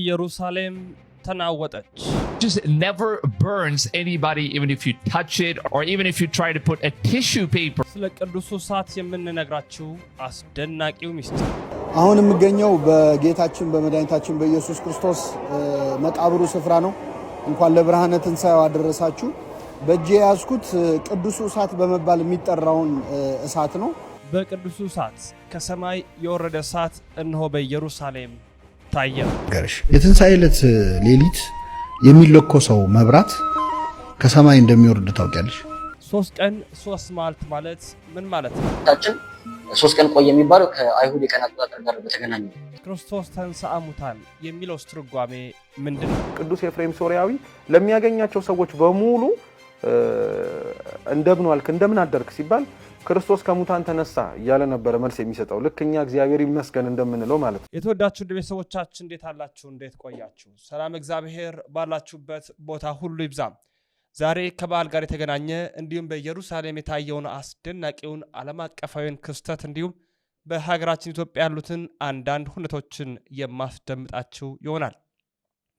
ኢየሩሳሌም ተናወጠች። Just never burns anybody even if you touch it or even if you try to put a tissue paper. ስለ ቅዱሱ እሳት የምንነግራችሁ አስደናቂው ሚስጥር አሁን የምገኘው በጌታችን በመድኃኒታችን በኢየሱስ ክርስቶስ መቃብሩ ስፍራ ነው። እንኳን ለብርሃነ ትንሣኤው አደረሳችሁ። በእጄ የያዝኩት ቅዱሱ እሳት በመባል የሚጠራውን እሳት ነው። በቅዱሱ እሳት ከሰማይ የወረደ እሳት እነሆ በኢየሩሳሌም ገርሽ የትንሣኤ ዕለት ሌሊት የሚለኮሰው መብራት ከሰማይ እንደሚወርድ ታውቂያለሽ። ሶስት ቀን ሶስት ማለት ማለት ምን ማለት ነው? ታችን ሶስት ቀን ቆየ የሚባለው ከአይሁድ የቀን አቆጣጠር ጋር በተገናኘ ክርስቶስ ተንሥአ ሙታን የሚለውስ ትርጓሜ ምንድን ነው? ቅዱስ ኤፍሬም ሶሪያዊ ለሚያገኛቸው ሰዎች በሙሉ እንደምን ዋልክ እንደምን አደርክ ሲባል ክርስቶስ ከሙታን ተነሳ እያለ ነበረ መልስ የሚሰጠው ልክ እኛ እግዚአብሔር ይመስገን እንደምንለው ማለት ነው። የተወዳችሁ እንደ ቤተሰቦቻችን እንዴት አላችሁ? እንዴት ቆያችሁ? ሰላም እግዚአብሔር ባላችሁበት ቦታ ሁሉ ይብዛም። ዛሬ ከበዓል ጋር የተገናኘ እንዲሁም በኢየሩሳሌም የታየውን አስደናቂውን ዓለም አቀፋዊን ክስተት እንዲሁም በሀገራችን ኢትዮጵያ ያሉትን አንዳንድ ሁነቶችን የማስደምጣችሁ ይሆናል።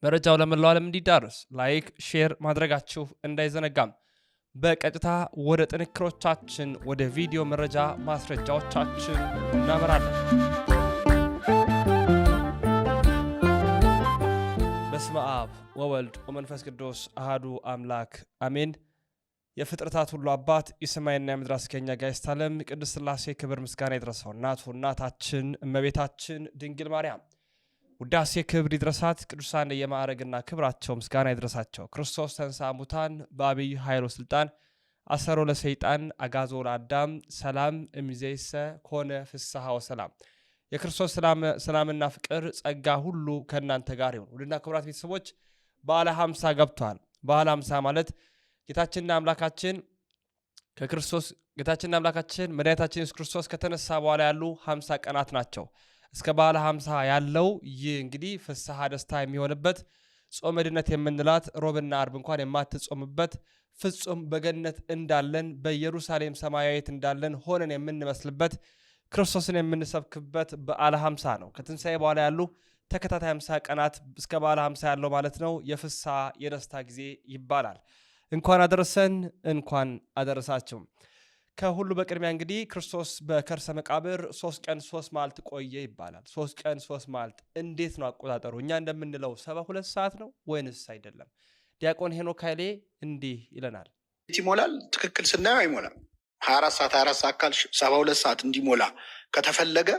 መረጃው ለመላው ዓለም እንዲዳረስ ላይክ፣ ሼር ማድረጋችሁ እንዳይዘነጋም። በቀጥታ ወደ ጥንክሮቻችን ወደ ቪዲዮ መረጃ ማስረጃዎቻችን እናመራለን። በስመ አብ ወወልድ ወመንፈስ ቅዱስ አህዱ አምላክ አሜን። የፍጥረታት ሁሉ አባት የሰማይና የምድር አስገኛ ጋይስታለም ቅድስት ሥላሴ ክብር ምስጋና የደረሰው እናቱ እናታችን እመቤታችን ድንግል ማርያም ውዳሴ ክብር ይድረሳት። ቅዱሳን የማዕረግና ክብራቸው ምስጋና ይድረሳቸው። ክርስቶስ ተንሳ ሙታን በአብይ ኃይሎ ስልጣን አሰሮ ለሰይጣን አጋዞ ለአዳም ሰላም እምዜሰ ኮነ ፍስሐ ወሰላም። የክርስቶስ ሰላምና ፍቅር ጸጋ ሁሉ ከእናንተ ጋር ይሁን። ውድና ክብራት ቤተሰቦች በዓለ ሀምሳ ገብተዋል። በዓለ ሀምሳ ማለት ጌታችንና አምላካችን ከክርስቶስ ጌታችንና አምላካችን መድኃኒታችን ኢየሱስ ክርስቶስ ከተነሳ በኋላ ያሉ ሀምሳ ቀናት ናቸው። እስከ ባለ 50 ያለው ይህ እንግዲህ ፍስሐ ደስታ የሚሆንበት ጾመ ድነት የምንላት ሮብና አርብ እንኳን የማትጾምበት ፍጹም በገነት እንዳለን በኢየሩሳሌም ሰማያዊት እንዳለን ሆነን የምንመስልበት ክርስቶስን የምንሰብክበት በዓለ 50 ነው። ከትንሣኤ በኋላ ያሉ ተከታታይ 50 ቀናት እስከ በዓለ 50 ያለው ማለት ነው የፍስሐ የደስታ ጊዜ ይባላል። እንኳን አደረሰን፣ እንኳን አደረሳችሁም። ከሁሉ በቅድሚያ እንግዲህ ክርስቶስ በከርሰ መቃብር ሶስት ቀን ሶስት ማልት ቆየ ይባላል። ሶስት ቀን ሶስት ማልት እንዴት ነው አቆጣጠሩ? እኛ እንደምንለው ሰባ ሁለት ሰዓት ነው ወይንስ አይደለም? ዲያቆን ሄኖክ ኃይሌ እንዲህ ይለናል። ይሞላል ትክክል ስናየው አይሞላም። ሀያ አራት ሰዓት ሀያ አራት ሰዓት ካል ሰባ ሁለት ሰዓት እንዲሞላ ከተፈለገ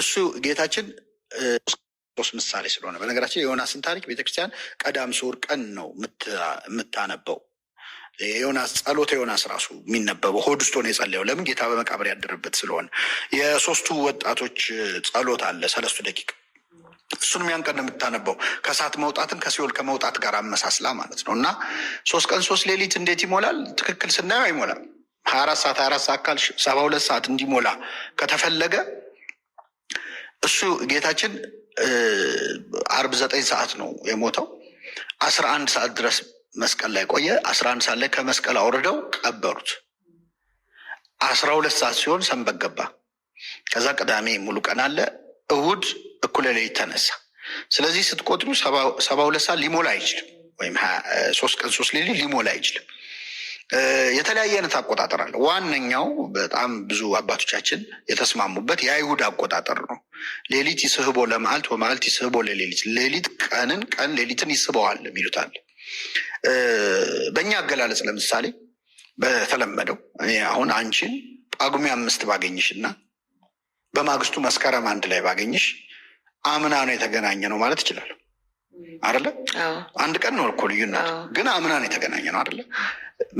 እሱ ጌታችን ሶስት ምሳሌ ስለሆነ በነገራችን የዮናስን ታሪክ ቤተክርስቲያን ቀዳም ስዑር ቀን ነው የምታነበው የዮናስ ጸሎተ ዮናስ ራሱ የሚነበበው ሆድ ውስጥ ሆኖ የጸለየው ለምን ጌታ በመቃብር ያደረበት ስለሆነ የሶስቱ ወጣቶች ጸሎት አለ ሰለስቱ ደቂቅ እሱንም ያን ቀን የምታነበው ከእሳት መውጣትን ከሲኦል ከመውጣት ጋር አመሳስላ ማለት ነው። እና ሶስት ቀን ሶስት ሌሊት እንዴት ይሞላል? ትክክል ስናየው አይሞላም። ሀያ አራት ሰዓት ሀያ አራት ሰዓት ካልሽ ሰባ ሁለት ሰዓት እንዲሞላ ከተፈለገ እሱ ጌታችን አርብ ዘጠኝ ሰዓት ነው የሞተው አስራ አንድ ሰዓት ድረስ መስቀል ላይ ቆየ። አስራ አንድ ሰዓት ላይ ከመስቀል አውርደው ቀበሩት። አስራ ሁለት ሰዓት ሲሆን ሰንበት ገባ። ከዛ ቅዳሜ ሙሉ ቀን አለ። እሁድ እኩለ ሌሊት ተነሳ። ስለዚህ ስትቆጥሩ ሰባ ሁለት ሰዓት ሊሞላ አይችልም፣ ወይም ሶስት ቀን ሶስት ሌሊት ሊሞላ አይችልም። የተለያየ አይነት አቆጣጠር አለ። ዋነኛው በጣም ብዙ አባቶቻችን የተስማሙበት የአይሁድ አቆጣጠር ነው። ሌሊት ይስህቦ ለመዓልት ወመዓልት ይስህቦ ለሌሊት፣ ሌሊት ቀንን ቀን ሌሊትን ይስበዋል የሚሉት አለ። በእኛ አገላለጽ ለምሳሌ በተለመደው አሁን አንቺን ጳጉሜ አምስት ባገኝሽ እና በማግስቱ መስከረም አንድ ላይ ባገኝሽ አምና ነው የተገናኘ ነው ማለት ይችላል። አይደለ? አንድ ቀን ነው እኮ ልዩነት፣ ግን አምና ነው የተገናኘ ነው አይደለ?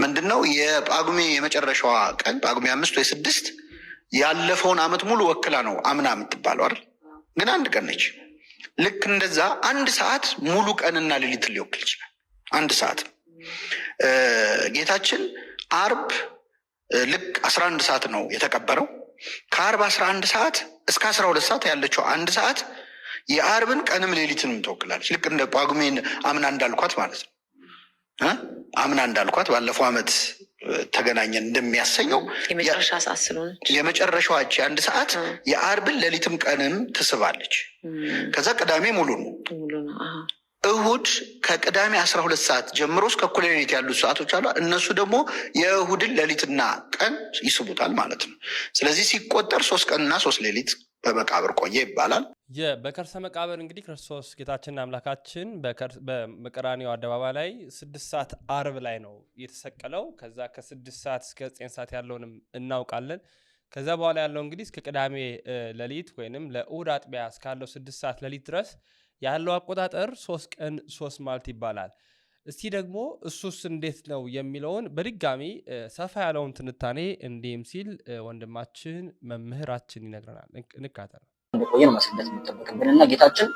ምንድነው የጳጉሜ የመጨረሻዋ ቀን ጳጉሜ አምስት ወይ ስድስት ያለፈውን አመት ሙሉ ወክላ ነው አምና የምትባለው አይደል? ግን አንድ ቀን ነች። ልክ እንደዛ አንድ ሰዓት ሙሉ ቀንና ሌሊትን ሊወክል ይችላል። አንድ ሰዓት ጌታችን አርብ ልክ አስራ አንድ ሰዓት ነው የተቀበረው። ከአርብ አስራ አንድ ሰዓት እስከ አስራ ሁለት ሰዓት ያለችው አንድ ሰዓት የአርብን ቀንም ሌሊትንም ትወክላለች። ልክ እንደ ጳጉሜን አምና እንዳልኳት ማለት ነው። አምና እንዳልኳት ባለፈው ዓመት ተገናኘን እንደሚያሰኘው የመጨረሻ ሰዓት ስለሆነች አንድ ሰዓት የአርብን ሌሊትም ቀንም ትስባለች። ከዛ ቅዳሜ ሙሉ ነው። እሁድ ከቅዳሜ አስራ ሁለት ሰዓት ጀምሮ እስከ እኩለ ሌሊት ያሉት ሰዓቶች አሉ። እነሱ ደግሞ የእሁድን ሌሊትና ቀን ይስቡታል ማለት ነው። ስለዚህ ሲቆጠር ሶስት ቀንና ሶስት ሌሊት በመቃብር ቆየ ይባላል። በከርሰ መቃብር እንግዲህ ክርስቶስ ጌታችንና አምላካችን በመቀራኒው አደባባይ ላይ ስድስት ሰዓት አርብ ላይ ነው የተሰቀለው። ከዛ ከስድስት ሰዓት እስከ ዘጠኝ ሰዓት ያለውንም እናውቃለን። ከዛ በኋላ ያለው እንግዲህ እስከ ቅዳሜ ሌሊት ወይንም ለእሁድ አጥቢያ እስካለው ስድስት ሰዓት ሌሊት ድረስ ያለው አቆጣጠር ሶስት ቀን ሶስት ማልት ይባላል። እስቲ ደግሞ እሱስ እንዴት ነው የሚለውን በድጋሚ ሰፋ ያለውን ትንታኔ እንዲህም ሲል ወንድማችን መምህራችን ይነግረናል። እንካተል ቆየ ነው መስለት የሚጠበቅብንና ጌታችን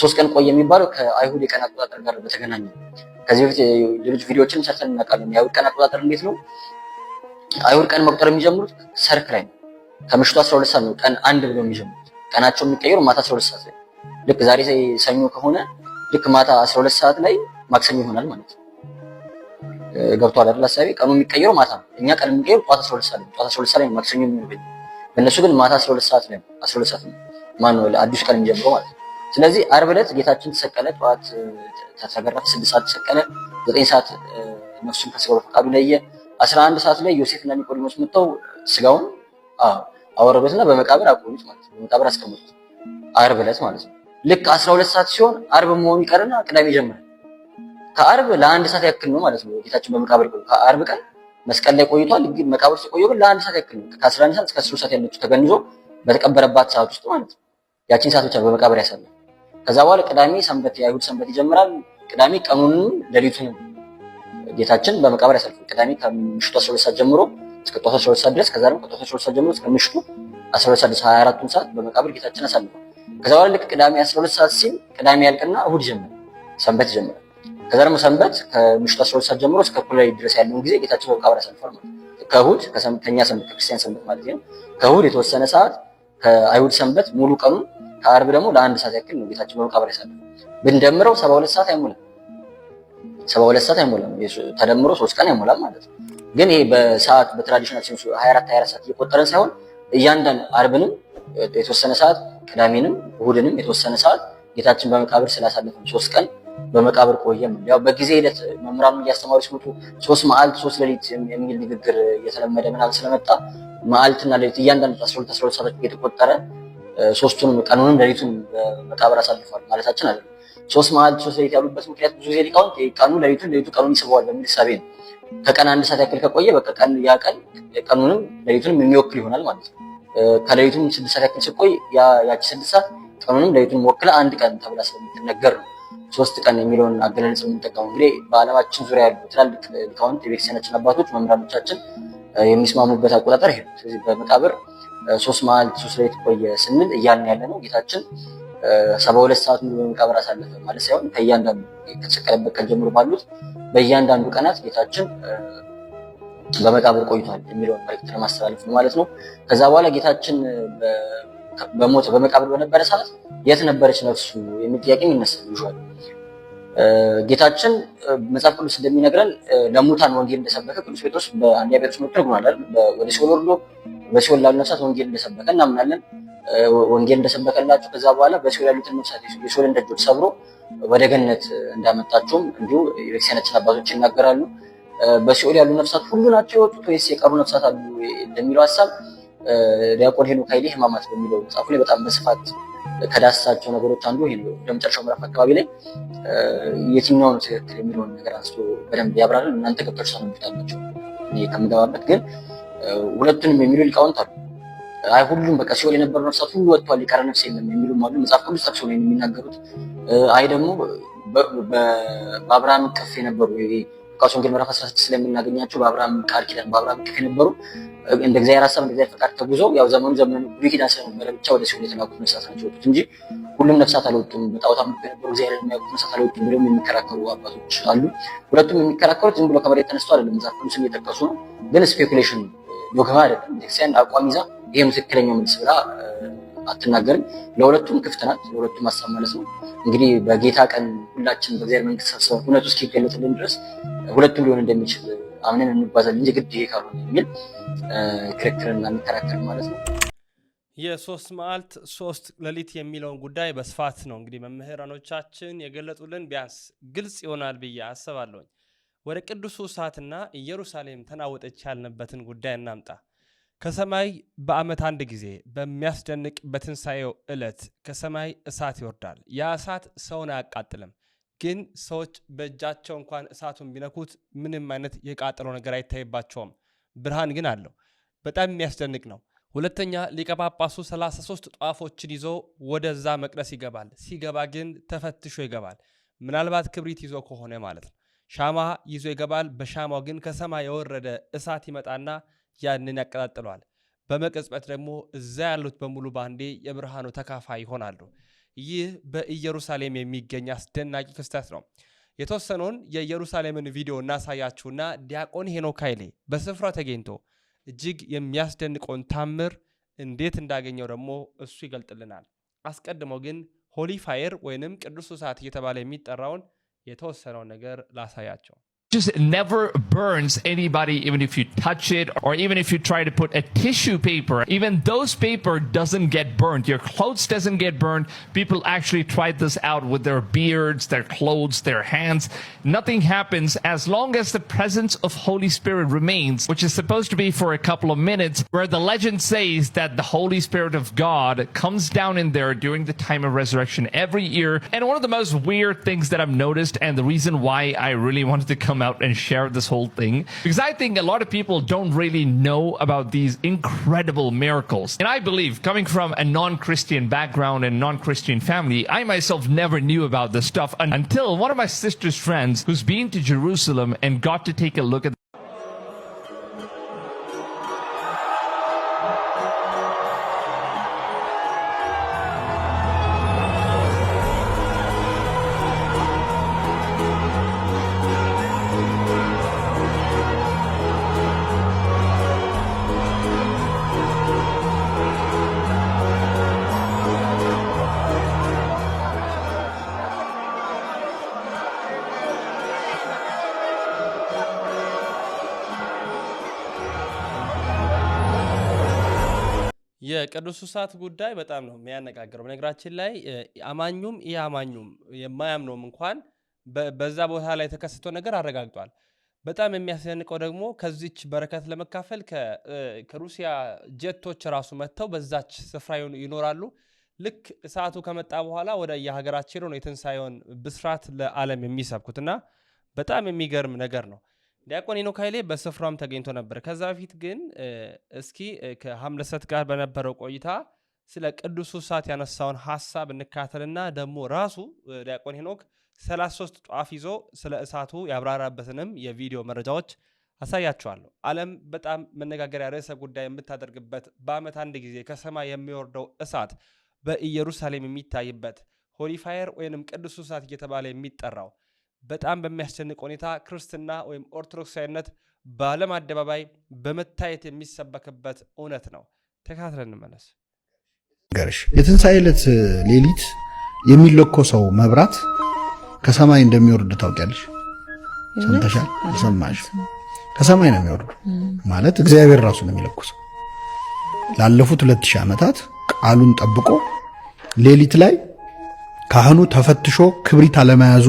ሶስት ቀን ቆየ የሚባለው ከአይሁድ የቀን አቆጣጠር ጋር በተገናኘ ከዚህ በፊት ሌሎች ቪዲዮዎችን ሰርተን እናውቃለን። የአይሁድ ቀን አቆጣጠር እንዴት ነው? አይሁድ ቀን መቁጠር የሚጀምሩት ሰርክ ላይ ነው። ከምሽቱ 12 ሰዓት ነው ቀን አንድ ብሎ የሚጀምሩት። ቀናቸው የሚቀየሩ ማታ 12 ሰዓት ላይ ልክ ዛሬ ሰኞ ከሆነ ልክ ማታ 12 ሰዓት ላይ ማክሰኞ ይሆናል ማለት ነው። ገብቷል አይደል? ሀሳቤ ቀኑ የሚቀየረው ማታ ነው። እኛ ቀን የሚቀየረው ጠዋት 12 ሰዓት ጠዋት 12 ሰዓት ላይ ማክሰኞ የሚሆንብን፣ በእነሱ ግን ማታ 12 ሰዓት ላይ 12 ሰዓት ነው ማነው አዲሱ ቀን የሚጀምረው ማለት ነው። ስለዚህ ዓርብ ዕለት ጌታችን ተሰቀለ፣ ጠዋት ተገረፈ፣ 6 ሰዓት ተሰቀለ፣ 9 ሰዓት ነፍሱን ከስጋው ፈቃዱ ለየ። 11 ሰዓት ላይ ዮሴፍ እና ኒቆዲሞስ መጥተው ስጋውን አወረዱትና በመቃብር አቆሙት ማለት ነው። በመቃብር አስቀመጡት ዓርብ ዕለት ማለት ነው። ልክ 12 ሰዓት ሲሆን አርብ መሆኑ ይቀርና ቅዳሜ ይጀምራል። ከአርብ ለአንድ ሰዓት ያክል ነው ማለት ነው ጌታችን በመቃብር ቆዩ። ከአርብ ቀን መስቀል ላይ ቆይቷል። መቃብር ሲቆዩ ግን ለአንድ ሰዓት ያክል ነው ከ11 ሰዓት እስከ 3 ሰዓት ያለችው ተገንዞ በተቀበረባት ሰዓት ውስጥ ማለት ነው። ያቺን ሰዓት ብቻ በመቃብር ያሳልፋል። ከዛ በኋላ ቅዳሜ ሰንበት፣ የአይሁድ ሰንበት ይጀምራል። ቅዳሜ ቀኑን ሌሊቱን ጌታችን በመቃብር ያሳልፋል። ቅዳሜ ከምሽቱ 12 ሰዓት ጀምሮ እስከ ጠዋት 12 ሰዓት ድረስ ከዛ ደግሞ ከጠዋት 12 ሰዓት ጀምሮ እስከ ምሽቱ 12 ሰዓት 24ቱን ሰዓት በመቃብር ጌታችን ያሳልፋል። ከዛ በኋላ ልክ ቅዳሜ 12 ሰዓት ሲል ቅዳሜ ያልቅና እሁድ ጀምር ሰንበት ይጀምራል። ከዛ ደግሞ ሰንበት ከምሽቱ 12 ሰዓት ጀምሮ እስከ እኩለ ድረስ ያለውን ጊዜ ጌታችን በመቃብር ያሳልፋል ማለት ነው። ከእሁድ ከኛ ሰንበት ከክርስቲያን ሰንበት ማለት ነው። ከእሁድ የተወሰነ ሰዓት ከአይሁድ ሰንበት ሙሉ ቀኑን ከአርብ ደግሞ ለአንድ ሰዓት ያክል ነው ጌታችን በመቃብር ያሳልፍ። ብንደምረው 72 ሰዓት አይሞላም። 72 ሰዓት አይሞላም። ተደምሮ 3 ቀን አይሞላም ማለት ነው። ግን ይሄ በሰዓት በትራዲሽናል 24 24 ሰዓት እየቆጠረን ሳይሆን እያንዳንዱ አርብንም የተወሰነ ሰዓት ቅዳሜንም እሁድንም የተወሰነ ሰዓት ጌታችን በመቃብር ስላሳለፈ ሶስት ቀን በመቃብር ቆየም። ያው በጊዜ ሂደት መምህራኑ እያስተማሩ ሲመጡ ሶስት መዓልት ሶስት ሌሊት የሚል ንግግር እየተለመደ ምናል ስለመጣ መዓልትና ሌሊት እያንዳንዱ አስራ ሁለት አስራ ሁለት ሰዓቶች የተቆጠረ ሶስቱንም ቀኑንም ሌሊቱን በመቃብር አሳልፏል ማለታችን አለ። ሶስት መዓልት ሶስት ሌሊት ያሉበት ምክንያት ብዙ ጊዜ ሊቃውንት ቀኑ ሌሊቱን ሌሊቱ ቀኑን ይስበዋል በሚል ሳቤ ነው። ከቀን አንድ ሰዓት ያክል ከቆየ በቃ ያ ቀን ቀኑንም ሌሊቱንም የሚወክል ይሆናል ማለት ነው። ከሌሊቱም ስድስት ሰዓት ያክል ስቆይ ያቺ ስድስት ሰዓት ቀኑንም ሌሊቱን ወክላ አንድ ቀን ተብላ ስለምትነገር ነው ሶስት ቀን የሚለውን አገላለጽ የምንጠቀሙ። እንግዲህ በዓለማችን ዙሪያ ያሉ ትላልቅ ሊቃውንት የቤተክርስቲያናችን አባቶች መምህራኖቻችን የሚስማሙበት አቆጣጠር ይሄ ነው። ስለዚህ በመቃብር ሶስት መዓልት ሶስት ሌሊት ቆየ ስንል እያልን ያለ ነው ጌታችን ሰባ ሁለት ሰዓት ሙሉ በመቃብር አሳለፈ ማለት ሳይሆን ከእያንዳንዱ ከተሰቀለበት ቀን ጀምሮ ባሉት በእያንዳንዱ ቀናት ጌታችን በመቃብር ቆይቷል የሚለውን መልእክት ለማስተላለፍ ነው ማለት ነው። ከዛ በኋላ ጌታችን በሞተ በመቃብር በነበረ ሰዓት የት ነበረች ነፍሱ የሚል ጥያቄም ይነሳል። ይል ጌታችን መጽሐፍ ቅዱስ እንደሚነግረን ለሙታን ወንጌል እንደሰበከ ቅዱስ ጴጥሮስ በአንደኛ ጴጥሮስ መልእክት ተርጉሟል ወደ ሲኦል ወርዶ በሲኦል ላሉ ነፍሳት ወንጌል እንደሰበከ እናምናለን። ወንጌል እንደሰበከላቸው ከዛ በኋላ በሲኦል ያሉትን ነፍሳት የሲኦልን ደጆች ሰብሮ ወደ ገነት እንዳመጣቸውም እንዲሁ የቤተክርስቲያናችን አባቶች ይናገራሉ። በሲኦል ያሉ ነፍሳት ሁሉ ናቸው የወጡት ወይስ የቀሩ ነፍሳት አሉ እንደሚለው ሀሳብ ዲያቆን ሄኖክ ኃይሌ ሕማማት በሚለው መጽሐፉ ላይ በጣም በስፋት ከዳሰሳቸው ነገሮች አንዱ ይሄ ነው። ለመጨረሻው ምዕራፍ አካባቢ ላይ የትኛው ነው ትክክል የሚለውን ነገር አንስቶ በደንብ ያብራራል። እናንተ ገብታችሁ ታነቡታላችሁ። እኔ ከምገባበት ግን ሁለቱንም የሚሉ ሊቃውንት አሉ። አይ ሁሉም በቃ ሲኦል የነበሩ ነፍሳት ሁሉ ወጥቷል፣ የቀረ ነፍስ የለም የሚሉም አሉ። መጽሐፍ ቅዱስ ጠቅሶ ነው የሚናገሩት። አይ ደግሞ በአብርሃም እቅፍ የነበሩ ሉቃስ ወንጌል ምዕራፍ 16 ስለምናገኛቸው በአብርሃም ቃል ኪዳን በአብርሃም ከነበሩ እንደ እግዚአብሔር ሀሳብ እንደ እግዚአብሔር ፈቃድ ተጉዞ ያው ዘመኑ ዘመኑ ብሉይ ኪዳን ስለነበረ ብቻ ወደ ሲኦል የተላኩት ነፍሳት ናቸው የወጡት እንጂ ሁሉም ነፍሳት አልወጡም። በጣዖት አምልኮ የነበሩ እግዚአብሔርን የሚያውቁት ነፍሳት አልወጡም ብለው የሚከራከሩ አባቶች አሉ። ሁለቱም የሚከራከሩት ዝም ብሎ ከመሬት ተነስቶ አይደለም። መጽሐፉን ስም እየጠቀሱ ነው፣ ግን ስፔኩሌሽን ዶግማ አይደለም። ቤተክርስቲያን አቋም ይዛ ይህም ትክክለኛው መልስ ብላ አትናገርም። ለሁለቱም ክፍት ናት፣ ለሁለቱም ሀሳብ ማለት ነው። እንግዲህ በጌታ ቀን ሁላችን በእግዚአብሔር መንግስት ሰብስበን እውነቱ እስኪገለጥልን ድረስ ሁለቱም ሊሆን እንደሚችል አምነን እንባዛል እንጂ ግድ ይሄ ካልሆነ የሚል ክርክርና እንከራከር ማለት ነው። የሶስት መዓልት ሶስት ሌሊት የሚለውን ጉዳይ በስፋት ነው እንግዲህ መምህራኖቻችን የገለጡልን፣ ቢያንስ ግልጽ ይሆናል ብዬ አስባለሁኝ። ወደ ቅዱሱ ሰዓትና ኢየሩሳሌም ተናወጠች ያልንበትን ጉዳይ እናምጣ። ከሰማይ በዓመት አንድ ጊዜ በሚያስደንቅ በትንሣኤው ዕለት ከሰማይ እሳት ይወርዳል። ያ እሳት ሰውን አያቃጥልም፣ ግን ሰዎች በእጃቸው እንኳን እሳቱን ቢነኩት ምንም አይነት የቃጠለው ነገር አይታይባቸውም። ብርሃን ግን አለው። በጣም የሚያስደንቅ ነው። ሁለተኛ ሊቀ ጳጳሱ 33 ጧፎችን ይዞ ወደዛ መቅደስ ይገባል። ሲገባ ግን ተፈትሾ ይገባል። ምናልባት ክብሪት ይዞ ከሆነ ማለት ነው። ሻማ ይዞ ይገባል። በሻማው ግን ከሰማይ የወረደ እሳት ይመጣና ያንን ያቀጣጥለዋል። በመቀጽበት ደግሞ እዛ ያሉት በሙሉ ባንዴ የብርሃኑ ተካፋይ ይሆናሉ። ይህ በኢየሩሳሌም የሚገኝ አስደናቂ ክስተት ነው። የተወሰነውን የኢየሩሳሌምን ቪዲዮ እናሳያችሁና ዲያቆን ሄኖክ ኃይሌ በስፍራው ተገኝቶ እጅግ የሚያስደንቀውን ታምር እንዴት እንዳገኘው ደግሞ እሱ ይገልጥልናል። አስቀድሞ ግን ሆሊ ፋየር ወይንም ቅዱስ እሳት እየተባለ የሚጠራውን የተወሰነውን ነገር ላሳያቸው። just never burns anybody even if you touch it or even if you try to put a tissue paper even those paper doesn't get burned your clothes doesn't get burned people actually tried this out with their beards their clothes their hands nothing happens as long as the presence of holy spirit remains which is supposed to be for a couple of minutes where the legend says that the holy spirit of god comes down in there during the time of resurrection every year and one of the most weird things that i've noticed and the reason why i really wanted to come come out and share this whole thing because I think a lot of people don't really know about these incredible miracles. And I believe coming from a non-Christian background and non-Christian family, I myself never knew about this stuff until one of my sister's friends who's been to Jerusalem and got to take a look at የቅዱሱ ሰዓት ጉዳይ በጣም ነው የሚያነጋግረው። በነገራችን ላይ አማኙም ይህ አማኙም የማያምነውም እንኳን በዛ ቦታ ላይ የተከሰተው ነገር አረጋግጧል። በጣም የሚያስደንቀው ደግሞ ከዚች በረከት ለመካፈል ከሩሲያ ጀቶች ራሱ መጥተው በዛች ስፍራ ይኖራሉ። ልክ ሰዓቱ ከመጣ በኋላ ወደ የሀገራችን ነው የትንሣኤውን ብስራት ለዓለም የሚሰብኩትና በጣም የሚገርም ነገር ነው። ዲያቆን ሄኖክ ኃይሌ በስፍራም ተገኝቶ ነበር። ከዛ በፊት ግን እስኪ ከሀምለሰት ጋር በነበረው ቆይታ ስለ ቅዱሱ ሳት ያነሳውን ሀሳብ እንካተልና ደግሞ ራሱ ዲያቆን ሄኖክ 33 ጧፍ ይዞ ስለ እሳቱ ያብራራበትንም የቪዲዮ መረጃዎች አሳያቸዋለሁ አለም በጣም መነጋገሪያ ርዕሰ ጉዳይ የምታደርግበት በአመት አንድ ጊዜ ከሰማይ የሚወርደው እሳት በኢየሩሳሌም የሚታይበት ሆሊፋየር ወይንም ቅዱሱ እሳት እየተባለ የሚጠራው በጣም በሚያስጨንቅ ሁኔታ ክርስትና ወይም ኦርቶዶክሳዊነት በዓለም አደባባይ በመታየት የሚሰበክበት እውነት ነው። ተከታትለን እንመለስ። የትንሣኤ ዕለት ሌሊት የሚለኮሰው መብራት ከሰማይ እንደሚወርድ ታውቂያለሽ? ሰምተሻል? ሰማሽ? ከሰማይ ነው የሚወርዱ ማለት እግዚአብሔር ራሱ ነው የሚለኮሰው። ላለፉት ሁለት ሺህ ዓመታት ቃሉን ጠብቆ ሌሊት ላይ ካህኑ ተፈትሾ ክብሪት አለመያዙ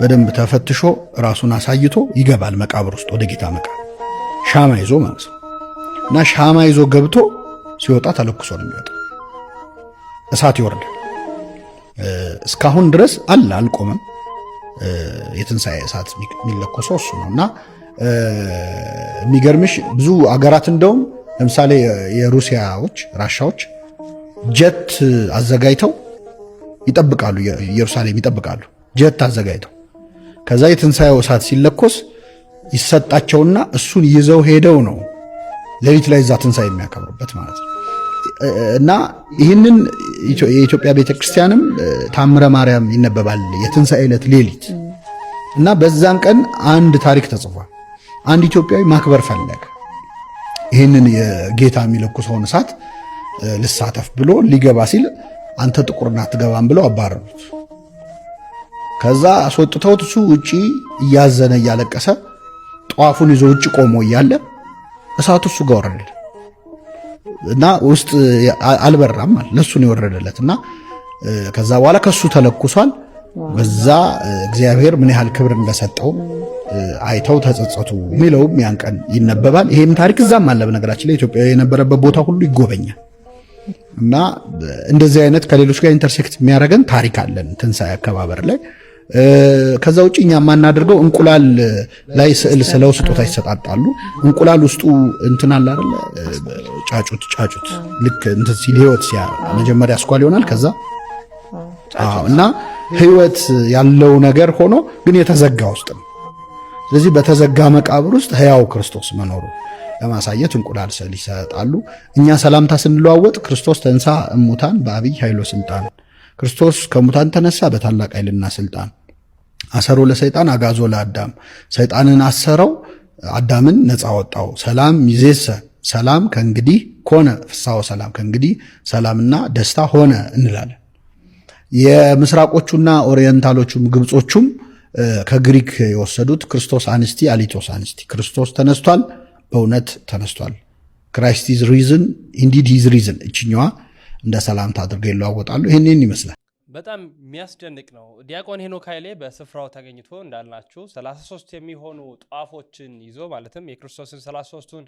በደንብ ተፈትሾ ራሱን አሳይቶ ይገባል መቃብር ውስጥ ወደ ጌታ መቃብር ሻማ ይዞ ማለት ነው። እና ሻማ ይዞ ገብቶ ሲወጣ ተለኩሶ ነው የሚወጣ። እሳት ይወርዳል። እስካሁን ድረስ አለ አልቆመም። የትንሣኤ እሳት የሚለኮሰው እሱ ነው እና የሚገርምሽ ብዙ አገራት እንደውም ለምሳሌ የሩሲያዎች ራሻዎች ጀት አዘጋጅተው ይጠብቃሉ፣ ኢየሩሳሌም ይጠብቃሉ ጀት አዘጋጅተው ከዛ የትንሣኤው እሳት ሲለኮስ ይሰጣቸውና እሱን ይዘው ሄደው ነው ሌሊት ላይ እዛ ትንሣኤ የሚያከብሩበት ማለት ነው። እና ይህንን የኢትዮጵያ ቤተክርስቲያንም ታምረ ማርያም ይነበባል የትንሣኤ ዕለት ሌሊት እና በዛን ቀን አንድ ታሪክ ተጽፏል። አንድ ኢትዮጵያዊ ማክበር ፈለገ። ይህንን የጌታ የሚለኩሰውን እሳት ልሳተፍ ብሎ ሊገባ ሲል አንተ ጥቁርና አትገባም ብለው አባረሩት። ከዛ አስወጥተውት እሱ ውጪ እያዘነ እያለቀሰ ጠዋፉን ይዞ ውጭ ቆሞ እያለ እሳቱ እሱ ጋር ወረደ እና ውስጥ አልበራም አለ ለሱ ነው የወረደለት እና ከዛ በኋላ ከሱ ተለኩሷል። በዛ እግዚአብሔር ምን ያህል ክብር እንደሰጠው አይተው ተጸጸቱ የሚለውም ያን ቀን ይነበባል። ይሄም ታሪክ እዛም አለ። በነገራችን ላይ ኢትዮጵያ የነበረበት ቦታ ሁሉ ይጎበኛል። እና እንደዚህ አይነት ከሌሎች ጋር ኢንተርሴክት የሚያደርገን ታሪክ አለን ትንሣኤ አከባበር ላይ ከዛ ውጭ እኛ የማናደርገው እንቁላል ላይ ስዕል ስለው ስጦታ ይሰጣጣሉ። እንቁላል ውስጡ እንትን አለ አይደለ? ጫጩት ጫጩት ልክ እንትን ሲል ህይወት መጀመሪያ አስኳል ይሆናል። ከዛ እና ህይወት ያለው ነገር ሆኖ ግን የተዘጋ ውስጥ ነው። ስለዚህ በተዘጋ መቃብር ውስጥ ህያው ክርስቶስ መኖሩ ለማሳየት እንቁላል ስዕል ይሰጣሉ። እኛ ሰላምታ ስንለዋወጥ ክርስቶስ ተንሳ እሙታን በአብይ ኃይሎ ስልጣን ክርስቶስ ከሙታን ተነሳ በታላቅ ኃይልና ስልጣን። አሰሮ ለሰይጣን አጋዞ ለአዳም፣ ሰይጣንን አሰረው፣ አዳምን ነፃ ወጣው። ሰላም ይዜሰ ሰላም ከእንግዲህ ኮነ ፍሳው ሰላም ከእንግዲህ ሰላምና ደስታ ሆነ እንላለን። የምስራቆቹና ኦሪየንታሎቹም ግብጾቹም ከግሪክ የወሰዱት ክርስቶስ አንስቲ አሊቶስ አንስቲ ክርስቶስ ተነስቷል፣ በእውነት ተነስቷል። ክራይስት ኢዝ ሪዝን ኢንዲድ ኢዝ ሪዝን እችኛዋ እንደ ሰላምታ አድርገው ይለዋወጣሉ። ይህንን ይመስላል። በጣም የሚያስደንቅ ነው። ዲያቆን ሄኖክ ኃይሌ በስፍራው ተገኝቶ እንዳልናችሁ 33 የሚሆኑ ጧፎችን ይዞ ማለትም የክርስቶስን 33ቱን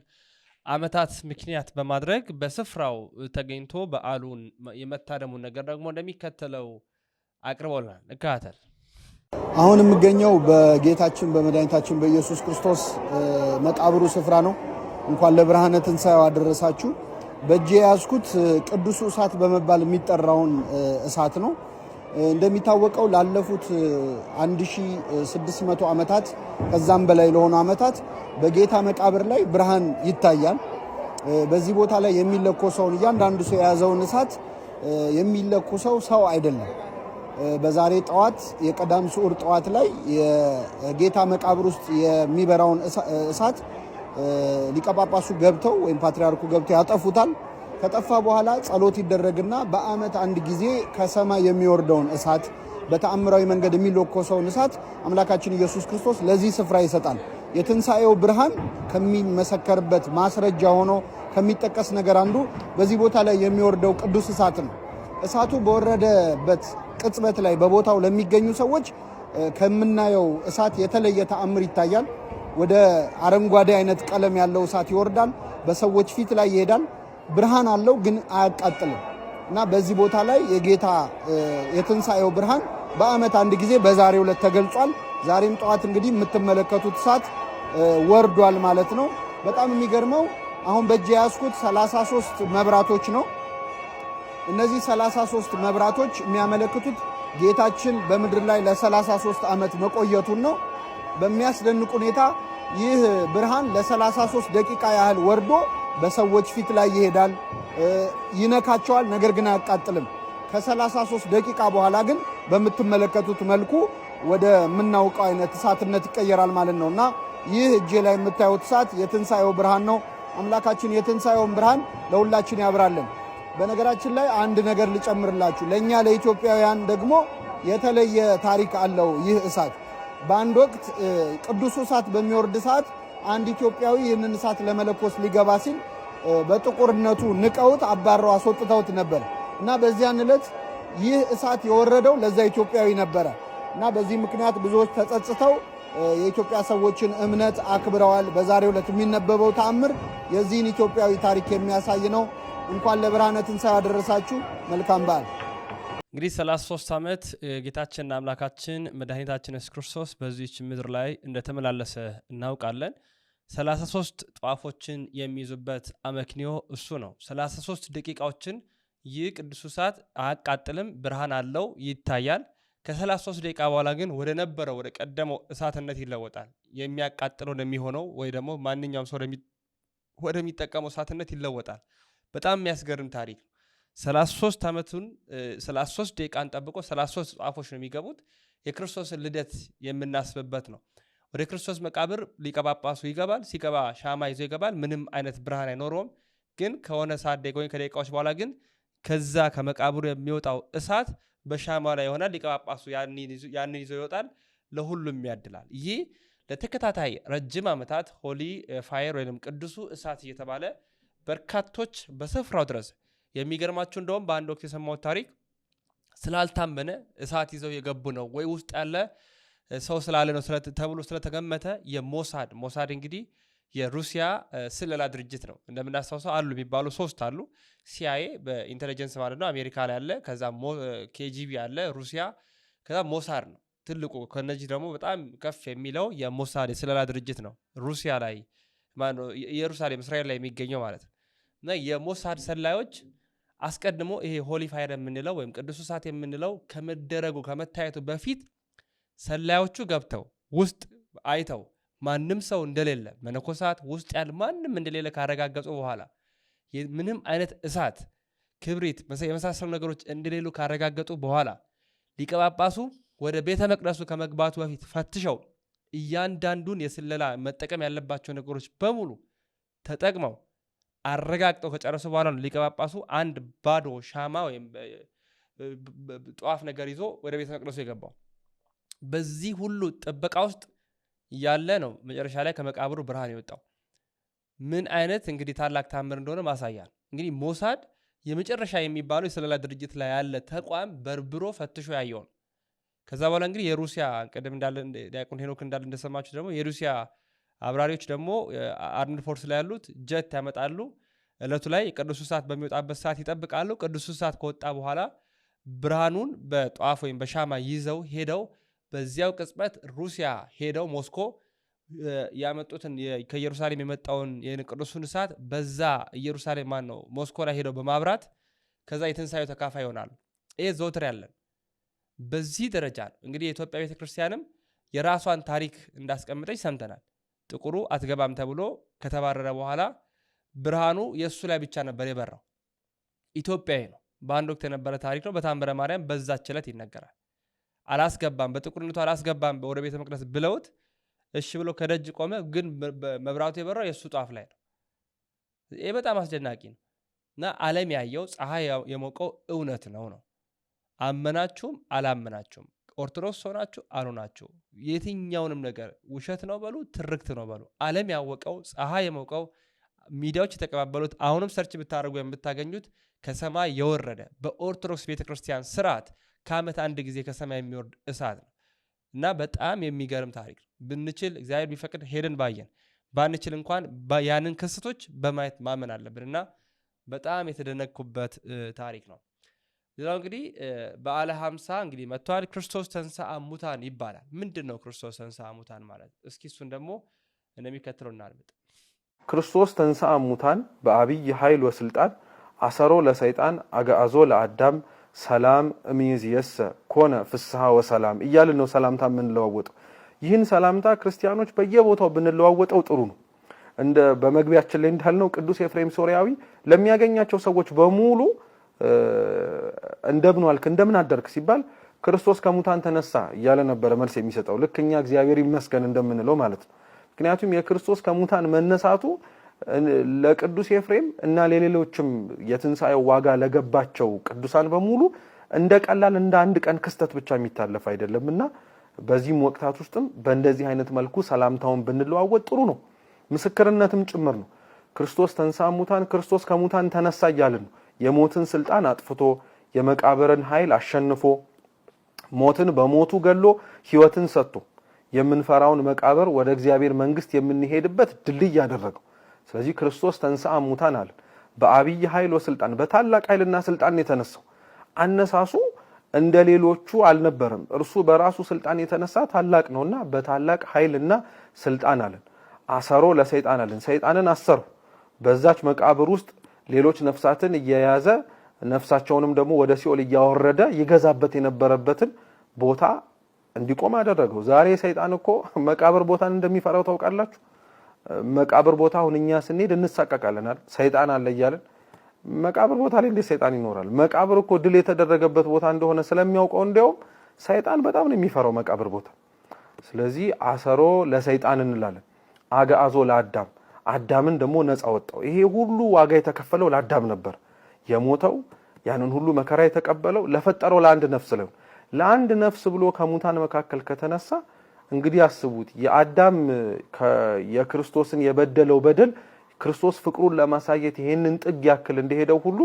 ዓመታት ምክንያት በማድረግ በስፍራው ተገኝቶ በዓሉን የመታደሙን ነገር ደግሞ እንደሚከተለው አቅርቦልናል። እካተል አሁን የምገኘው በጌታችን በመድኃኒታችን በኢየሱስ ክርስቶስ መቃብሩ ስፍራ ነው። እንኳን ለብርሃነ ትንሣኤው አደረሳችሁ። በእጅ የያዝኩት ቅዱሱ እሳት በመባል የሚጠራውን እሳት ነው። እንደሚታወቀው ላለፉት 1600 ዓመታት ከዛም በላይ ለሆኑ ዓመታት በጌታ መቃብር ላይ ብርሃን ይታያል። በዚህ ቦታ ላይ የሚለኮሰውን እያንዳንዱ ሰው የያዘውን እሳት የሚለኮሰው ሰው አይደለም። በዛሬ ጠዋት የቀዳም ስዑር ጠዋት ላይ የጌታ መቃብር ውስጥ የሚበራውን እሳት ሊቀጳጳሱ ገብተው ወይም ፓትሪያርኩ ገብተው ያጠፉታል። ከጠፋ በኋላ ጸሎት ይደረግና በዓመት አንድ ጊዜ ከሰማይ የሚወርደውን እሳት በተአምራዊ መንገድ የሚለኮሰውን እሳት አምላካችን ኢየሱስ ክርስቶስ ለዚህ ስፍራ ይሰጣል። የትንሣኤው ብርሃን ከሚመሰከርበት ማስረጃ ሆኖ ከሚጠቀስ ነገር አንዱ በዚህ ቦታ ላይ የሚወርደው ቅዱስ እሳት ነው። እሳቱ በወረደበት ቅጽበት ላይ በቦታው ለሚገኙ ሰዎች ከምናየው እሳት የተለየ ተአምር ይታያል። ወደ አረንጓዴ አይነት ቀለም ያለው እሳት ይወርዳል። በሰዎች ፊት ላይ ይሄዳል። ብርሃን አለው ግን አያቃጥልም እና በዚህ ቦታ ላይ የጌታ የትንሣኤው ብርሃን በዓመት አንድ ጊዜ በዛሬው ዕለት ተገልጿል። ዛሬም ጠዋት እንግዲህ የምትመለከቱት እሳት ወርዷል ማለት ነው። በጣም የሚገርመው አሁን በእጅ የያዝኩት 33 መብራቶች ነው። እነዚህ 33 መብራቶች የሚያመለክቱት ጌታችን በምድር ላይ ለ33 ዓመት መቆየቱን ነው። በሚያስደንቅ ሁኔታ ይህ ብርሃን ለ33 ደቂቃ ያህል ወርዶ በሰዎች ፊት ላይ ይሄዳል፣ ይነካቸዋል፣ ነገር ግን አያቃጥልም። ከ33 ደቂቃ በኋላ ግን በምትመለከቱት መልኩ ወደ ምናውቀው አይነት እሳትነት ይቀየራል ማለት ነው እና ይህ እጄ ላይ የምታዩት እሳት የትንሣኤው ብርሃን ነው። አምላካችን የትንሣኤውን ብርሃን ለሁላችን ያብራለን። በነገራችን ላይ አንድ ነገር ልጨምርላችሁ። ለእኛ ለኢትዮጵያውያን ደግሞ የተለየ ታሪክ አለው ይህ እሳት በአንድ ወቅት ቅዱሱ እሳት በሚወርድ ሰዓት አንድ ኢትዮጵያዊ ይህንን እሳት ለመለኮስ ሊገባ ሲል በጥቁርነቱ ንቀውት አባረው አስወጥተውት ነበር እና በዚያን ዕለት ይህ እሳት የወረደው ለዛ ኢትዮጵያዊ ነበረ እና በዚህ ምክንያት ብዙዎች ተጸጽተው የኢትዮጵያ ሰዎችን እምነት አክብረዋል። በዛሬው ዕለት የሚነበበው ተአምር የዚህን ኢትዮጵያዊ ታሪክ የሚያሳይ ነው። እንኳን ለብርሃነ ትንሣኤ ያደረሳችሁ። መልካም በዓል። እንግዲህ 33 ዓመት ጌታችንና አምላካችን መድኃኒታችን ኢየሱስ ክርስቶስ በዚች ምድር ላይ እንደተመላለሰ እናውቃለን። 33 ጠዋፎችን የሚይዙበት አመክንዮ እሱ ነው። 33 ደቂቃዎችን ይህ ቅዱስ እሳት አያቃጥልም፣ ብርሃን አለው፣ ይታያል። ከ33 ደቂቃ በኋላ ግን ወደ ነበረው ወደ ቀደመው እሳትነት ይለወጣል። የሚያቃጥለው ወደሚሆነው ወይ ደግሞ ማንኛውም ሰው ወደሚጠቀመው እሳትነት ይለወጣል። በጣም የሚያስገርም ታሪክ ነው። 33 ዓመቱን 33 ደቂቃን ጠብቆ 33 ጻፎች ነው የሚገቡት። የክርስቶስን ልደት የምናስብበት ነው። ወደ ክርስቶስ መቃብር ሊቀ ጳጳሱ ይገባል። ሲገባ ሻማ ይዞ ይገባል። ምንም አይነት ብርሃን አይኖረውም። ግን ከሆነ ሰዓት ደቂቃ ወይም ከደቂቃዎች በኋላ ግን ከዛ ከመቃብሩ የሚወጣው እሳት በሻማ ላይ ይሆናል። ሊቀ ጳጳሱ ያንን ይዞ ይወጣል። ለሁሉም ያድላል። ይህ ለተከታታይ ረጅም ዓመታት ሆሊ ፋየር ወይም ቅዱሱ እሳት እየተባለ በርካቶች በስፍራው ድረስ የሚገርማችሁ እንደውም በአንድ ወቅት የሰማሁት ታሪክ ስላልታመነ እሳት ይዘው የገቡ ነው ወይ ውስጥ ያለ ሰው ስላለ ነው ተብሎ ስለተገመተ የሞሳድ ሞሳድ እንግዲህ የሩሲያ ስለላ ድርጅት ነው። እንደምናስታውሰው አሉ የሚባሉ ሶስት አሉ። ሲአይኤ በኢንቴሊጀንስ ማለት ነው፣ አሜሪካ ላይ ያለ፣ ከዛ ኬጂቢ ያለ ሩሲያ፣ ከዛ ሞሳድ ነው ትልቁ። ከነዚህ ደግሞ በጣም ከፍ የሚለው የሞሳድ የስለላ ድርጅት ነው፣ ሩሲያ ላይ ኢየሩሳሌም፣ እስራኤል ላይ የሚገኘው ማለት ነው። እና የሞሳድ ሰላዮች አስቀድሞ ይሄ ሆሊ ፋየር የምንለው ወይም ቅዱስ እሳት የምንለው ከመደረጉ ከመታየቱ በፊት ሰላዮቹ ገብተው ውስጥ አይተው ማንም ሰው እንደሌለ መነኮሳት ውስጥ ያለ ማንም እንደሌለ ካረጋገጹ በኋላ ምንም አይነት እሳት፣ ክብሪት የመሳሰሉ ነገሮች እንደሌሉ ካረጋገጡ በኋላ ሊቀ ጳጳሱ ወደ ቤተ መቅደሱ ከመግባቱ በፊት ፈትሸው እያንዳንዱን የስለላ መጠቀም ያለባቸው ነገሮች በሙሉ ተጠቅመው አረጋግጠው ከጨረሱ በኋላ ነው ሊቀ ጳጳሱ አንድ ባዶ ሻማ ወይም ጠዋፍ ነገር ይዞ ወደ ቤተ መቅደሱ የገባው። በዚህ ሁሉ ጥበቃ ውስጥ ያለ ነው መጨረሻ ላይ ከመቃብሩ ብርሃን የወጣው። ምን አይነት እንግዲህ ታላቅ ታምር እንደሆነ ማሳያል። እንግዲህ ሞሳድ የመጨረሻ የሚባለው የስለላ ድርጅት ላይ ያለ ተቋም በርብሮ ፈትሾ ያየውን ከዛ በኋላ እንግዲህ የሩሲያ ቅድም ዲያቆን ሄኖክ እንዳለ እንደሰማችሁ ደግሞ የሩሲያ አብራሪዎች ደግሞ አርምድ ፎርስ ላይ ያሉት ጀት ያመጣሉ። እለቱ ላይ ቅዱሱ ሰዓት በሚወጣበት ሰዓት ይጠብቃሉ። ቅዱሱ ሰዓት ከወጣ በኋላ ብርሃኑን በጧፍ ወይም በሻማ ይዘው ሄደው በዚያው ቅጽበት ሩሲያ ሄደው ሞስኮ ያመጡትን ከኢየሩሳሌም የመጣውን ቅዱሱን እሳት በዛ ኢየሩሳሌም ማን ነው ሞስኮ ላይ ሄደው በማብራት ከዛ የትንሳኤው ተካፋይ ይሆናሉ። ይህ ዘውትር ያለን በዚህ ደረጃ ነው። እንግዲህ የኢትዮጵያ ቤተክርስቲያንም የራሷን ታሪክ እንዳስቀምጠች ሰምተናል። ጥቁሩ አትገባም ተብሎ ከተባረረ በኋላ ብርሃኑ የእሱ ላይ ብቻ ነበር የበራው። ኢትዮጵያዊ ነው። በአንድ ወቅት የነበረ ታሪክ ነው። በታምረ ማርያም በዛች ዕለት ይነገራል። አላስገባም፣ በጥቁርነቱ አላስገባም ወደ ቤተ መቅደስ ብለውት እሺ ብሎ ከደጅ ቆመ። ግን መብራቱ የበራው የእሱ ጧፍ ላይ ነው። ይህ በጣም አስደናቂ ነው እና ዓለም ያየው ፀሐይ የሞቀው እውነት ነው ነው አመናችሁም አላመናችሁም ኦርቶዶክስ ሆናችሁ አልሆናችሁ የትኛውንም ነገር ውሸት ነው በሉ ትርክት ነው በሉ ዓለም ያወቀው ፀሐይ የመውቀው ሚዲያዎች የተቀባበሉት አሁንም ሰርች ብታደርጉ የምታገኙት ከሰማይ የወረደ በኦርቶዶክስ ቤተክርስቲያን ስርዓት ከዓመት አንድ ጊዜ ከሰማይ የሚወርድ እሳት ነው እና በጣም የሚገርም ታሪክ ነው። ብንችል እግዚአብሔር ቢፈቅድ ሄደን ባየን ባንችል እንኳን ያንን ክስቶች በማየት ማመን አለብን እና በጣም የተደነቅኩበት ታሪክ ነው። ሌላው እንግዲህ በዓለ ሀምሳ እንግዲህ መጥተዋል። ክርስቶስ ተንሳ ሙታን ይባላል። ምንድን ነው ክርስቶስ ተንሳ ሙታን ማለት? እስኪ እሱን ደግሞ እንደሚከትለው እናድምጥ። ክርስቶስ ተንሳ ሙታን በአብይ ኃይል ወስልጣን አሰሮ ለሰይጣን አገአዞ ለአዳም ሰላም የሰ ኮነ ፍስሐ ወሰላም እያልን ነው ሰላምታ የምንለዋወጠው። ይህን ሰላምታ ክርስቲያኖች በየቦታው ብንለዋወጠው ጥሩ ነው። እንደ በመግቢያችን ላይ እንዳልነው ቅዱስ ኤፍሬም ሶሪያዊ ለሚያገኛቸው ሰዎች በሙሉ እንደምን ዋልክ እንደምን አደርክ ሲባል ክርስቶስ ከሙታን ተነሳ እያለ ነበረ መልስ የሚሰጠው ልክ እኛ እግዚአብሔር ይመስገን እንደምንለው ማለት ነው። ምክንያቱም የክርስቶስ ከሙታን መነሳቱ ለቅዱስ ኤፍሬም እና ለሌሎችም የትንሣኤው ዋጋ ለገባቸው ቅዱሳን በሙሉ እንደ ቀላል እንደ አንድ ቀን ክስተት ብቻ የሚታለፍ አይደለም እና በዚህም ወቅታት ውስጥም በእንደዚህ አይነት መልኩ ሰላምታውን ብንለዋወጥ ጥሩ ነው። ምስክርነትም ጭምር ነው። ክርስቶስ ተንሳ ሙታን ክርስቶስ ከሙታን ተነሳ እያልን ነው። የሞትን ስልጣን አጥፍቶ የመቃብርን ኃይል አሸንፎ ሞትን በሞቱ ገሎ ህይወትን ሰጥቶ የምንፈራውን መቃብር ወደ እግዚአብሔር መንግስት የምንሄድበት ድልድይ ያደረገው። ስለዚህ ክርስቶስ ተንሥአ እሙታን አለ። በአብይ ኃይል ወስልጣን በታላቅ ኃይልና ስልጣን የተነሳው አነሳሱ እንደ ሌሎቹ አልነበረም። እርሱ በራሱ ስልጣን የተነሳ ታላቅ ነውና በታላቅ ኃይልና ስልጣን አለን። አሰሮ ለሰይጣን አለን። ሰይጣንን አሰሩ። በዛች መቃብር ውስጥ ሌሎች ነፍሳትን እየያዘ ነፍሳቸውንም ደግሞ ወደ ሲኦል እያወረደ ይገዛበት የነበረበትን ቦታ እንዲቆም አደረገው። ዛሬ ሰይጣን እኮ መቃብር ቦታን እንደሚፈራው ታውቃላችሁ። መቃብር ቦታ አሁን እኛ ስንሄድ እንሳቀቃለናል። ሰይጣን አለ እያለን መቃብር ቦታ ላይ እንዴት ሰይጣን ይኖራል? መቃብር እኮ ድል የተደረገበት ቦታ እንደሆነ ስለሚያውቀው እንዲያውም ሰይጣን በጣም ነው የሚፈራው መቃብር ቦታ። ስለዚህ አሰሮ ለሰይጣን እንላለን፣ አገአዞ ለአዳም አዳምን ደግሞ ነፃ ወጣው። ይሄ ሁሉ ዋጋ የተከፈለው ለአዳም ነበር። የሞተው ያንን ሁሉ መከራ የተቀበለው ለፈጠረው ለአንድ ነፍስ ነው። ለአንድ ነፍስ ብሎ ከሙታን መካከል ከተነሳ እንግዲህ አስቡት የአዳም የክርስቶስን የበደለው በደል ክርስቶስ ፍቅሩን ለማሳየት ይሄንን ጥግ ያክል እንደሄደው ሁሉ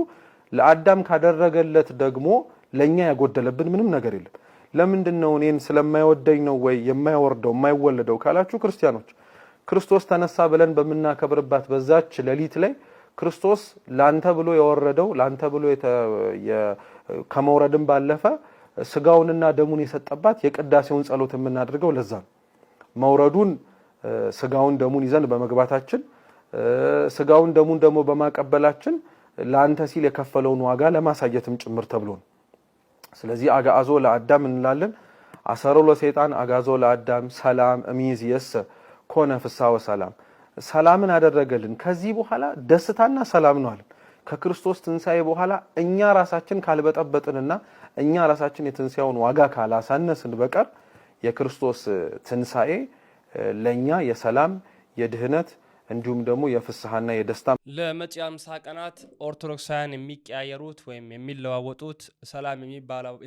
ለአዳም ካደረገለት ደግሞ ለእኛ ያጎደለብን ምንም ነገር የለም። ለምንድን ነው እኔን ስለማይወደኝ ነው ወይ የማይወርደው የማይወለደው ካላችሁ ክርስቲያኖች ክርስቶስ ተነሳ ብለን በምናከብርባት በዛች ሌሊት ላይ ክርስቶስ ላንተ ብሎ የወረደው ላንተ ብሎ ከመውረድም ባለፈ ስጋውንና ደሙን የሰጠባት የቅዳሴውን ጸሎት የምናደርገው ለዛ ነው። መውረዱን ስጋውን ደሙን ይዘን በመግባታችን ስጋውን ደሙን ደግሞ በማቀበላችን ለአንተ ሲል የከፈለውን ዋጋ ለማሳየትም ጭምር ተብሎ ነው። ስለዚህ አጋዞ ለአዳም እንላለን። አሰሮ ለሰይጣን አጋዞ ለአዳም ሰላም እሚዝ የሰ ኮነ ፍስሐ ወሰላም ሰላምን አደረገልን። ከዚህ በኋላ ደስታና ሰላም ነው አለን። ከክርስቶስ ትንሣኤ በኋላ እኛ ራሳችን ካልበጠበጥንና እኛ ራሳችን የትንሣኤውን ዋጋ ካላሳነስን በቀር የክርስቶስ ትንሣኤ ለእኛ የሰላም የድህነት እንዲሁም ደግሞ የፍስሐና የደስታ ለመጪ አምሳ ቀናት ኦርቶዶክሳውያን የሚቀያየሩት ወይም የሚለዋወጡት ሰላም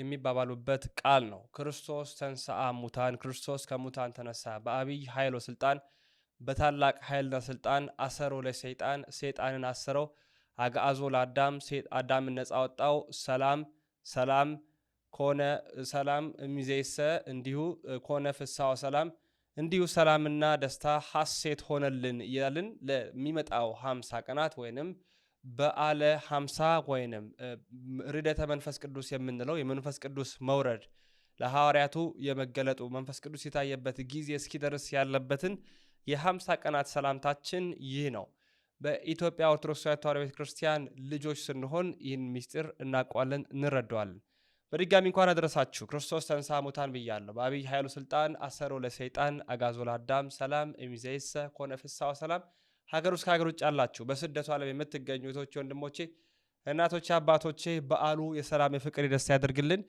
የሚባባሉበት ቃል ነው። ክርስቶስ ተንሰአ ሙታን፣ ክርስቶስ ከሙታን ተነሳ፣ በአብይ ኃይሎ ስልጣን፣ በታላቅ ኃይልና ስልጣን፣ አሰሮ ለሰይጣን፣ ሰይጣንን አሰረው፣ አግዓዞ ለአዳም፣ አዳምን ነፃ ወጣው፣ ሰላም ሰላም ኮነ፣ ሰላም ሚዜሰ፣ እንዲሁ ኮነ ፍስሐ ሰላም እንዲሁ ሰላምና ደስታ ሐሴት ሆነልን እያልን ለሚመጣው ሀምሳ ቀናት ወይንም በዓለ ሀምሳ ወይንም ርደተ መንፈስ ቅዱስ የምንለው የመንፈስ ቅዱስ መውረድ ለሐዋርያቱ የመገለጡ መንፈስ ቅዱስ የታየበት ጊዜ እስኪደርስ ያለበትን የሀምሳ ቀናት ሰላምታችን ይህ ነው። በኢትዮጵያ ኦርቶዶክስ ተዋሕዶ ቤተክርስቲያን ልጆች ስንሆን ይህን ምስጢር እናውቀዋለን፣ እንረዳዋለን። በድጋሚ እንኳን አደረሳችሁ። ክርስቶስ ተንሳ ሙታን ብያለሁ። በአብይ ኃይሉ ስልጣን አሰሮ ለሰይጣን አጋዞ ለአዳም ሰላም እሚዘይሰ ኮነ ፍሳው ሰላም። ሀገር ውስጥ ከሀገር ውጭ አላችሁ በስደቱ ዓለም የምትገኙ እህቶቼ፣ ወንድሞቼ፣ እናቶቼ፣ አባቶቼ በዓሉ የሰላም የፍቅር የደስታ ያደርግልን።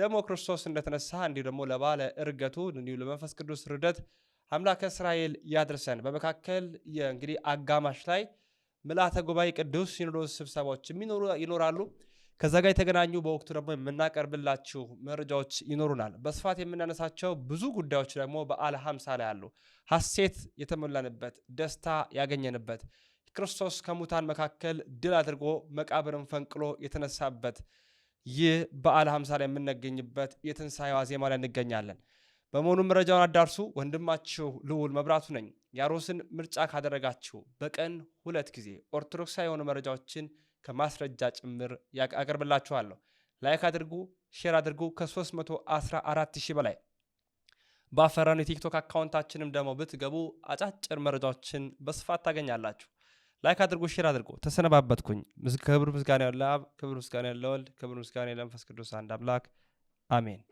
ደግሞ ክርስቶስ እንደተነሳ እንዲሁ ደግሞ ለባለ እርገቱ እንዲሁ ለመንፈስ ቅዱስ ርደት አምላከ እስራኤል ያድርሰን። በመካከል እንግዲህ አጋማሽ ላይ ምልአተ ጉባኤ ቅዱስ ሲኖዶስ ስብሰባዎች የሚኖሩ ይኖራሉ። ከዛ ጋር የተገናኙ በወቅቱ ደግሞ የምናቀርብላችሁ መረጃዎች ይኖሩናል። በስፋት የምናነሳቸው ብዙ ጉዳዮች ደግሞ በዓለ ሃምሳ ላይ አሉ። ሐሴት የተሞላንበት ደስታ ያገኘንበት ክርስቶስ ከሙታን መካከል ድል አድርጎ መቃብርን ፈንቅሎ የተነሳበት ይህ በዓለ ሃምሳ ላይ የምንገኝበት የትንሣኤ ዋዜማ ላይ እንገኛለን። በመሆኑ መረጃውን አዳርሱ። ወንድማችሁ ልዑል መብራቱ ነኝ። ያሮስን ምርጫ ካደረጋችሁ በቀን ሁለት ጊዜ ኦርቶዶክሳዊ የሆኑ መረጃዎችን ከማስረጃ ጭምር አቀርብላችኋለሁ። ላይክ አድርጉ፣ ሼር አድርጉ። ከ314 ሺህ በላይ ባፈራን የቲክቶክ አካውንታችንም ደግሞ ብትገቡ አጫጭር መረጃዎችን በስፋት ታገኛላችሁ። ላይክ አድርጉ፣ ሼር አድርጉ። ተሰነባበትኩኝ። ክብር ምስጋና ለአብ፣ ክብር ምስጋና ለወልድ፣ ክብር ምስጋና ለመንፈስ ቅዱስ አንድ አምላክ አሜን።